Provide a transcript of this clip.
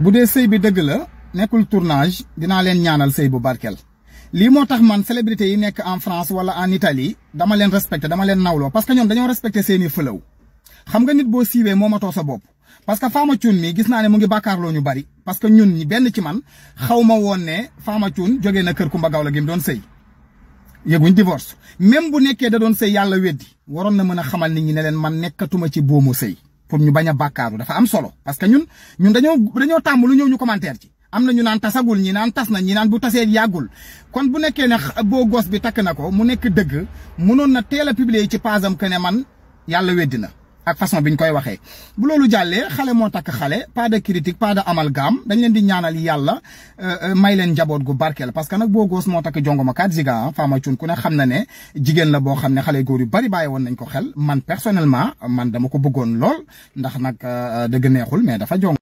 bu dee sëy bi dëgg la nekkul tournage dinaa leen ñaanal sëy bu barkeel lii moo tax man célébrité yi nekk en France wala en Italie dama leen respecté dama leen nawloo parce que ñoom dañoo respecté seeni fëlaw xam nga nit boo siiwee moo ma too sa bopp parce que Fama Thioune mi gis naa ne mu ngi bàkkaarloo ñu bari parce que ñun ñi benn ci man xaw woon ne Fama Thioune jógee na kër Kumba Gawla gi mu doon sëy yëguñ divorce même bu nekkee da doon sëy yàlla weddi waroon na mën a xamal nit ñi ne leen man nekkatuma ci boomu sëy pour ñu baña a dafa am solo parce que ñun ñun dañoo dañoo tàmm ñëw ñu commentaire ci. am na ñu naan tasagul ñi naan tas na naan bu tasee yàggul kon bu nekkee ne boo gos bi takk na ko mu nekk dëgg munoon na teel a ci page am que man yàlla weddi na. ak façon bi ñu koy waxee bu loolu jàllee xale moo takk xale pas de critique pas de amalgame dañ leen di ñaanal yàlla euh, euh, may leen njaboot gu barkeel parce que nag boo góos moo takk jongoma kat ziga ah, Fama Thioune ku ne xam na ne jigéen la boo xam ne xale góor yu bari bàyyi woon nañ ko xel man personnellement man dama ko bëggoon lool ndax nag euh, dëgg neexul mais dafa jong